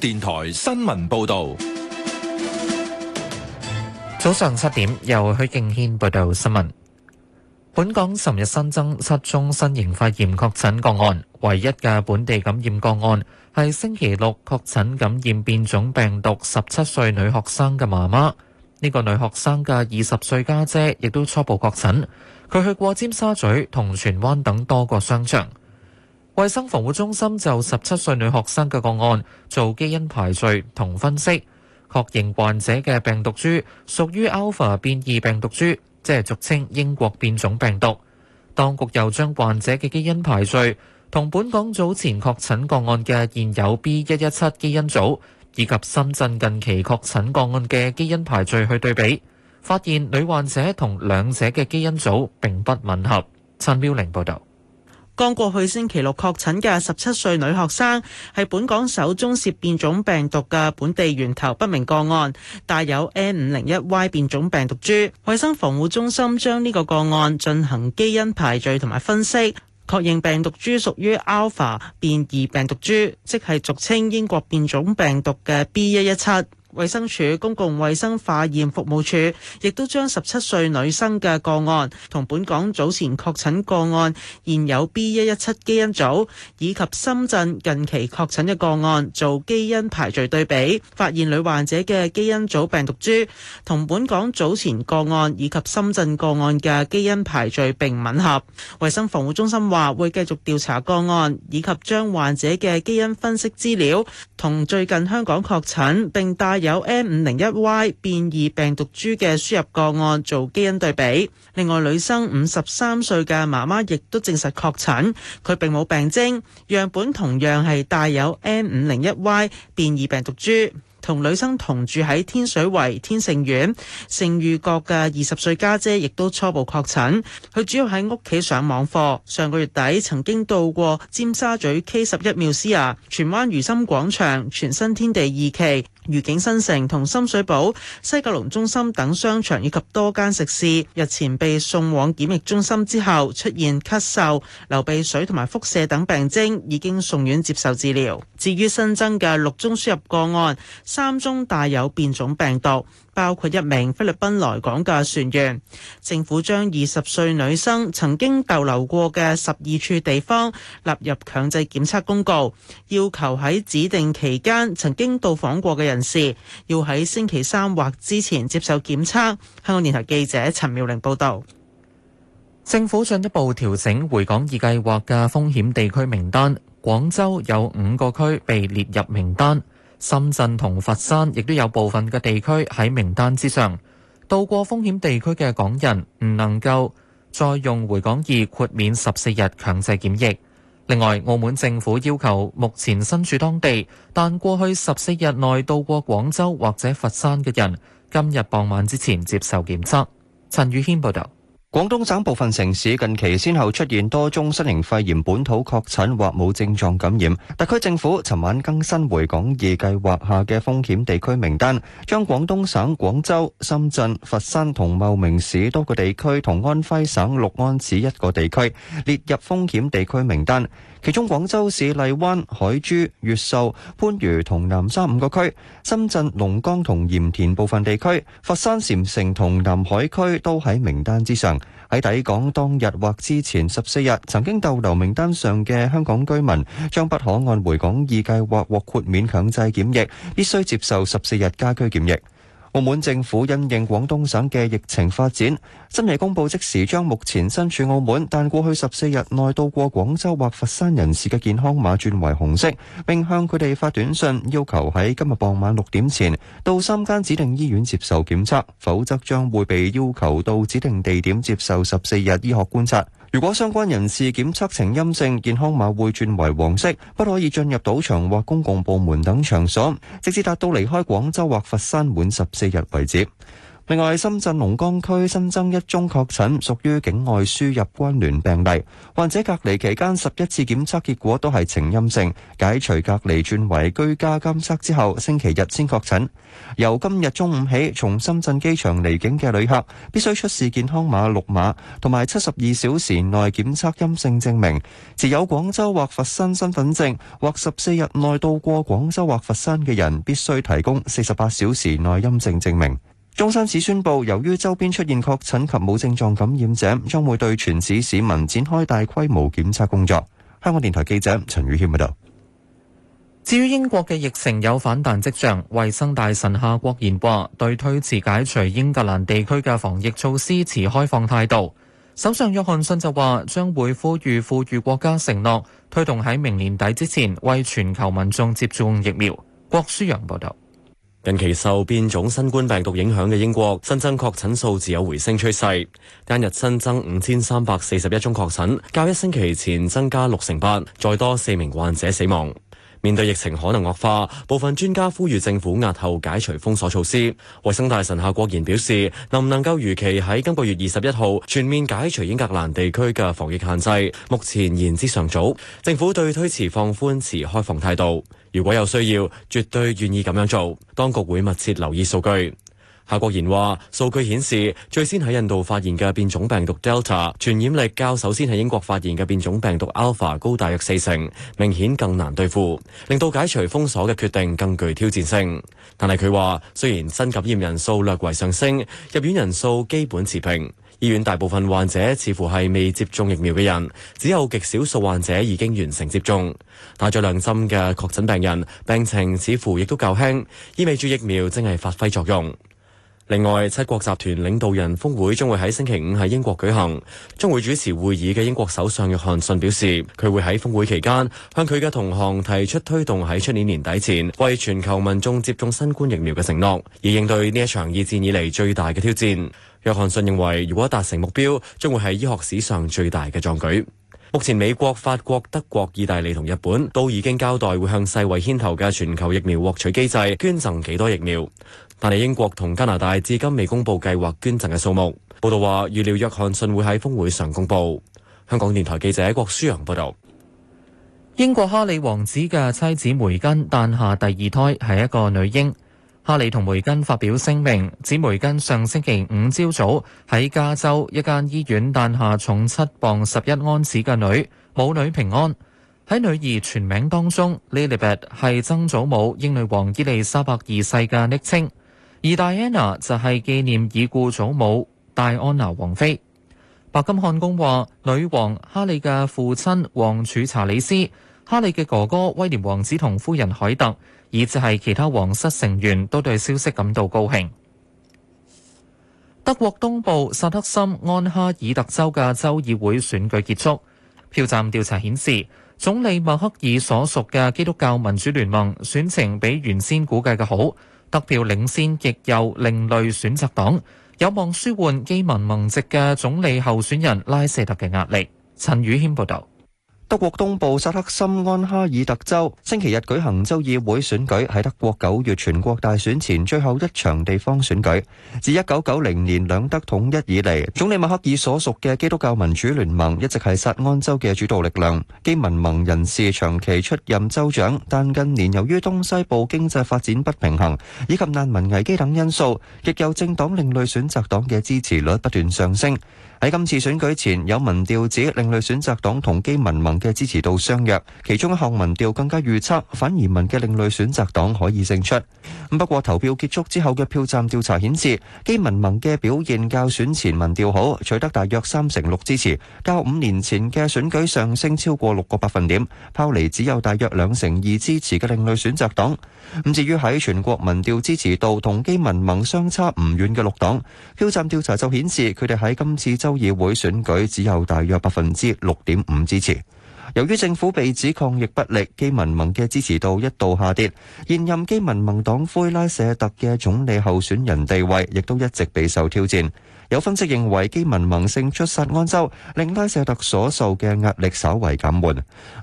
電台新聞報道：早上七點，由許敬軒報道新聞。本港尋日新增七宗新型肺炎確診個案，唯一嘅本地感染個案係星期六確診感染變種病毒十七歲女學生嘅媽媽。呢個女學生嘅二十歲家姐亦都初步確診，佢去過尖沙咀同荃灣等多個商場。衛生防護中心就17歲女學生嘅個案做基因排序同分析，確認患者嘅病毒株屬於 Alpha 變異病毒株，即係俗稱英國變種病毒。當局又將患者嘅基因排序同本港早前確診個案嘅現有 B117 基因組以及深圳近期確診個案嘅基因排序去對比，發現女患者同兩者嘅基因組並不吻合。陳標玲報道。剛過去星期六確診嘅十七歲女學生，係本港首宗涉變種病毒嘅本地源頭不明個案，帶有 N 五零一 Y 變種病毒株。衛生防護中心將呢個個案進行基因排序同埋分析，確認病毒株屬於 Alpha 變異病毒株，即係俗稱英國變種病毒嘅 B 一一七。衛生署公共衛生化驗服務處亦都將十七歲女生嘅個案同本港早前確診個案、現有 B.1.1.7 基因組以及深圳近期確診嘅個案做基因排序對比，發現女患者嘅基因組病毒株同本港早前個案以及深圳個案嘅基因排序並吻合。衛生防護中心話會繼續調查個案，以及將患者嘅基因分析資料同最近香港確診並帶有 N 五零一 Y 變異病毒株嘅輸入個案做基因對比。另外，女生五十三歲嘅媽媽亦都證實確診，佢並冇病徵，樣本同樣係帶有 N 五零一 Y 變異病毒株。同女生同住喺天水圍天盛苑盛裕閣嘅二十歲家姐亦都初步確診，佢主要喺屋企上網課。上個月底曾經到過尖沙咀 K 十一妙思雅、荃灣如心廣場、全新天地二期、愉景新城同深水埗西九龍中心等商場以及多間食肆，日前被送往檢疫中心之後出現咳嗽、流鼻水同埋腹瀉等病徵，已經送院接受治療，至於新增嘅六宗輸入個案，三宗帶有變種病毒。包括一名菲律賓來港嘅船員，政府將二十歲女生曾經逗留過嘅十二處地方納入強制檢測公告，要求喺指定期間曾經到訪過嘅人士要喺星期三或之前接受檢測。香港電台記者陳妙玲報道，政府進一步調整回港易計劃嘅風險地區名單，廣州有五個區被列入名單。深圳同佛山亦都有部分嘅地區喺名單之上，到過風險地區嘅港人唔能夠再用回港易豁免十四日強制檢疫。另外，澳門政府要求目前身處當地但過去十四日內到過廣州或者佛山嘅人，今日傍晚之前接受檢測。陳宇軒報道。廣東省部分城市近期先後出現多宗新型肺炎本土確診或冇症狀感染，特區政府尋晚更新回港易計劃下嘅風險地區名單，將廣東省廣州、深圳、佛山同茂名市多個地區同安徽省六安市一個地區列入風險地區名單。其中，廣州市荔灣、海珠、越秀、番禺同南沙五個區，深圳龍崗同鹽田部分地區，佛山禪城同南海區都喺名單之上。喺抵港當日或之前十四日曾經逗留名單上嘅香港居民，將不可按回港易計劃獲豁免強制檢疫，必須接受十四日家居檢疫。澳門政府因應廣東省嘅疫情發展，深夜公布，即時將目前身處澳門，但過去如果相關人士檢測呈陰性，健康碼會轉為黃色，不可以進入賭場或公共部門等場所，直至達到離開廣州或佛山滿十四日為止。另外，深圳龍崗區新增一宗確診，屬於境外輸入關聯病例。患者隔離期間十一次檢測結果都係呈陰性，解除隔離轉為居家監測之後星期日先確診。由今日中午起，從深圳機場離境嘅旅客必須出示健康碼綠碼同埋七十二小時內檢測陰性證明。持有廣州或佛山身份證或十四日內到過廣州或佛山嘅人，必須提供四十八小時內陰性證明。中山市宣布，由於周邊出現確診及冇症狀感染者，將會對全市市民展開大規模檢測工作。香港電台記者陳宇軒報道，至於英國嘅疫情有反彈跡象，衛生大臣夏國賢話對推遲解除英格蘭地區嘅防疫措施持開放態度。首相約翰遜就話將會呼籲富裕國家承諾推動喺明年底之前為全球民眾接種疫苗。郭舒陽報道。近期受變種新冠病毒影響嘅英國新增確診數字有回升趨勢，單日新增五千三百四十一宗確診，較一星期前增加六成八，再多四名患者死亡。面對疫情可能惡化，部分專家呼籲政府押後解除封鎖措施。衛生大臣夏國賢表示，能唔能夠如期喺今個月二十一號全面解除英格蘭地區嘅防疫限制，目前言之尚早，政府對推遲放寬持開放態度。如果有需要，絕對願意咁樣做。當局會密切留意數據。夏國賢話，數據顯示，最先喺印度發現嘅變種病毒 Delta 傳染力較首先喺英國發現嘅變種病毒 Alpha 高大約四成，明顯更難對付，令到解除封鎖嘅決定更具挑戰性。但係佢話，雖然新感染人數略為上升，入院人數基本持平。醫院大部分患者似乎係未接種疫苗嘅人，只有極少數患者已經完成接種。打咗兩針嘅確診病人，病情似乎亦都較輕，意味住疫苗正係發揮作用。另外，七國集團領導人峰會將會喺星期五喺英國舉行。將會主持會議嘅英國首相約翰遜表示，佢會喺峰會期間向佢嘅同行提出推動喺出年年底前為全球民眾接種新冠疫苗嘅承諾，以應對呢一場二戰以嚟最大嘅挑戰。約翰遜認為，如果達成目標，將會係醫學史上最大嘅壯舉。目前美國、法國、德國、意大利同日本都已經交代會向世衛牽頭嘅全球疫苗獲取機制捐贈幾多疫苗，但係英國同加拿大至今未公布計劃捐贈嘅數目。報道話預料約翰遜會喺峰會上公布。香港電台記者郭舒揚報導，英國哈里王子嘅妻子梅根誕下第二胎係一個女嬰。哈利同梅根發表聲明，指梅根上星期五朝早喺加州一間醫院誕下重七磅十一安士嘅女，母女平安。喺女兒全名當中，Lilibet 係曾祖母英女王伊麗莎白二世嘅昵稱，而戴安娜就係紀念已故祖母戴安娜王妃。白金漢宮話，女王哈利嘅父親王儲查理斯，哈利嘅哥哥威廉王子同夫人凱特，以至係其他皇室成員都對消息感到高興。德國東部薩克森安哈爾特州嘅州議會選舉結束，票站調查顯示，總理默克爾所屬嘅基督教民主聯盟選情比原先估計嘅好，得票領先，亦有另類選擇黨有望舒緩基民盟籍嘅總理候選人拉舍特嘅壓力。陳宇軒報導。德國東部薩克森安哈爾特州星期日舉行州議會選舉，係德國九月全國大選前最後一場地方選舉。自一九九零年兩德統一以嚟總理默克爾所屬嘅基督教民主聯盟一直係薩安州嘅主導力量，基民盟人士長期出任州長，但近年由於東西部經濟發展不平衡，以及難民危機等因素，亦有政黨另類選擇黨嘅支持率不斷上升。喺今次選舉前，有民調指另類選擇黨同基民盟嘅支持度相若，其中一項民調更加預測，反移民嘅另類選擇黨可以勝出。咁不過投票結束之後嘅票站調查顯示，基民盟嘅表現較選前民調好，取得大約三成六支持，較五年前嘅選舉上升超過六個百分點，拋離只有大約兩成二支持嘅另類選擇黨。咁至於喺全國民調支持度同基民盟相差唔遠嘅六黨，票站調查就顯示佢哋喺今次真。州議會選舉只有大約百分之六點五支持。由於政府被指抗疫不力，基民盟嘅支持度一度下跌。現任基民盟黨魁拉舍特嘅總理候選人地位亦都一直備受挑戰。有分析認為基民盟勝出殺安州，令拉舍特所受嘅壓力稍為減緩。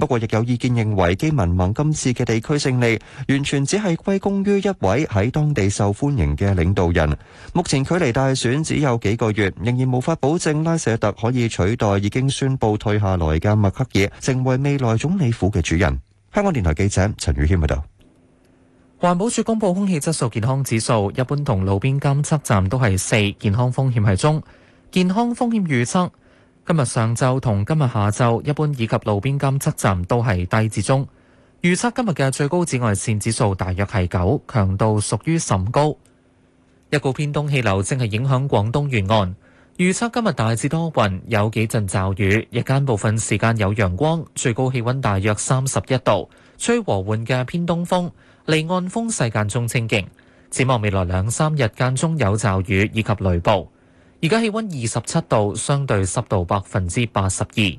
不過亦有意見認為基民盟今次嘅地區勝利，完全只係歸功於一位喺當地受歡迎嘅領導人。目前距離大選只有幾個月，仍然無法保證拉舍特可以取代已經宣布退下來嘅默克爾，成為未來總理府嘅主人。香港電台記者陳宇軒喺度。環保署公布空氣質素健康指數，一般同路邊監測站都係四，健康風險係中。健康風險預測今日上晝同今日下晝一般以及路邊監測站都係低至中。預測今日嘅最高紫外線指數大約係九，強度屬於甚高。一股偏東氣流正係影響廣東沿岸，預測今日大致多雲，有幾陣驟雨，日間部分時間有陽光，最高氣温大約三十一度，吹和緩嘅偏東風。離岸風勢間中清勁，展望未來兩三日間中有驟雨以及雷暴。而家氣溫二十七度，相對濕度百分之八十二。